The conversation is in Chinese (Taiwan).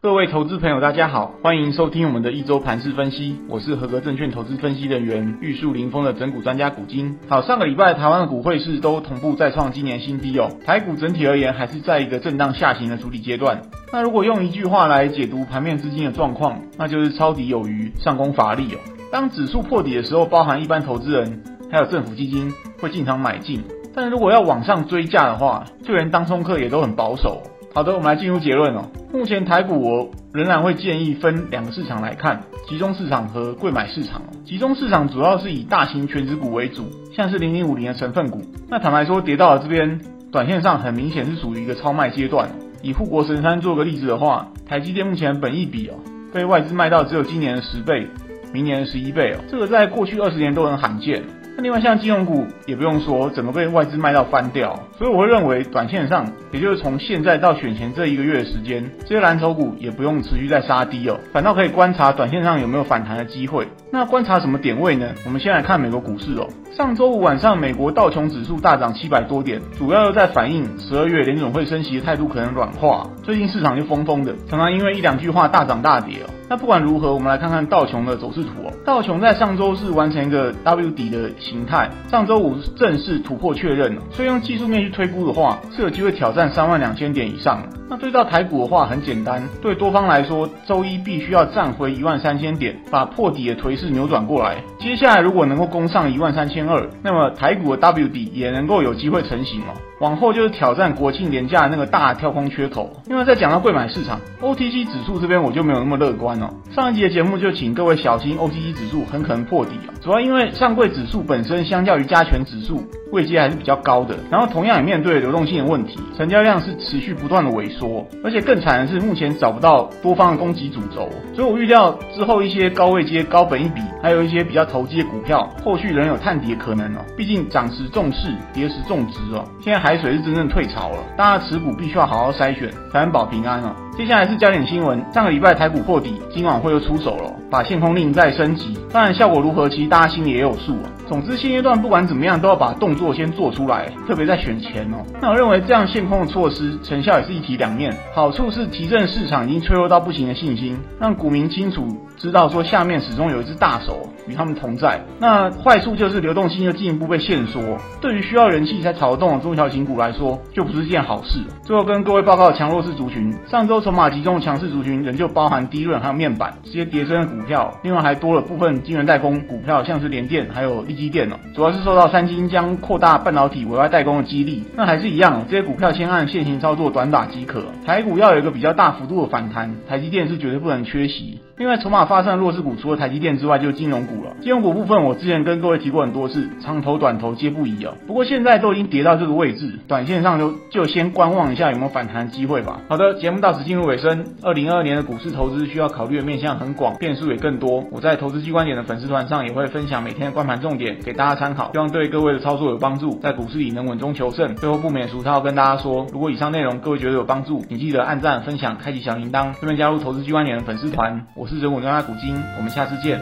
各位投資朋友，大家好，歡迎收聽我們的一周盤勢分析。我是合格證券投資分析人員玉樹臨風的拯股專家股晶。好，上個禮拜台灣的股匯市都同步再創今年新低哦。台股整體而言還是在一個震盪下行的築底階段。那如果用一句話來解讀盤面資金的狀況，那就是抄底有餘，上攻乏力哦。當指數破底的時候，包含一般投資人還有政府基金會進場買進，但如果要往上追價的話，就連當沖客也都很保守。好的，我們來進入結論哦。目前台股，我仍然會建議分兩個市場來看，集中市場和櫃買市場哦。集中市場主要是以大型權值股為主，像是零零五零的成分股。那坦白說，跌到了這邊，短線上很明顯是屬於一個超賣階段。以護國神山做個例子的話，台積電目前本益比哦，被外資賣到只有今年的十倍，明年的十一倍哦，這個在過去二十年都很罕見。另外，像金融股也不用說，整個被外資賣到翻掉。所以我會認為，短線上，也就是從現在到選前這一個月的時間，這些藍籌股也不用持續在殺低哦，反倒可以觀察短線上有沒有反彈的機會。那觀察什麼點位呢？我們先來看美國股市哦。上週五晚上，美國道瓊指數大漲七百多點，主要又在反映十二月聯準會升息的態度可能軟化。最近市場就瘋瘋的，常常因為一兩句話大漲大跌哦。那不管如何，我們來看看道瓊的走勢圖哦。道瓊在上周是完成一個 W 底的形態，上周五正式突破確認了，所以用技術面去推估的話，是有機會挑戰三萬兩千點以上的。那對照台股的話很簡單，對多方來說，周一必須要站回一萬三千點，把破底的頹勢扭轉過來。接下來如果能夠攻上一萬三千二，那麼台股的 W 底也能夠有機會成型哦。往後就是挑戰國慶連假的那個大跳空缺口。另外再講到櫃買市場，O T C 指數這邊我就沒有那麼樂觀哦。上一集的節目就請各位小心 O T C 指數很可能破底啊、哦，主要因為上櫃指數本身相較於加權指數。位階還是比較高的，然後同樣也面對流動性的問題，成交量是持續不斷的萎縮，而且更慘的是目前找不到多方的攻擊主軸，所以我預料之後一些高位階、高本益比，還有一些比較投機的股票，後續仍有探底的可能哦。畢竟漲時重勢，跌時重質哦。現在海水是真正退潮了，大家持股必須要好好篩選，才能保平安哦。接下來是焦點新聞，上個禮拜台股破底，金管會又出手了，把限空令再升級，當然效果如何，其實大家心裡也有數總之，現階段不管怎麼樣，都要把動作先做出來，特別在選前哦。那我認為這樣限空的措施成效也是一體兩面，好處是提振市場已經脆弱到不行的信心，讓股民清楚知道說下面始終有一只大手與他們同在。那壞處就是流動性又進一步被限縮，對於需要人氣才炒得動的中小型股來說，就不是件好事。最後跟各位報告的強弱勢族群，上周籌碼集中的強勢族群仍舊包含低潤還有面板直接跌深的股票，另外還多了部分晶圓代工股票，像是聯電還有一。機電哦，主要是受到三星將擴大半導體委外代工的激勵，那還是一樣哦。這些股票先按現行操作，短打即可。台股要有一個比較大幅度的反彈，台積電是絕對不能缺席。另外籌碼發散弱勢股，除了台積電之外，就金融股了。金融股部分，我之前跟各位提過很多次，長投短投皆不宜哦。不過現在都已經跌到這個位置，短線上就就先觀望一下有沒有反彈機會吧。好的，節目到此進入尾聲。二零二二年的股市投資需要考慮的面向很廣，變數也更多。我在投資 G 觀點的粉絲團上也會分享每天的觀盤重點。給大家參考，希望對各位的操作有幫助，在股市裡能穩中求勝。最後不免俗套，跟大家說，如果以上內容各位覺得有幫助，請記得按讚、分享、開啟小鈴鐺，順便加入投資 G 觀點的粉絲團。我是拯股專家股晶，我們下次見。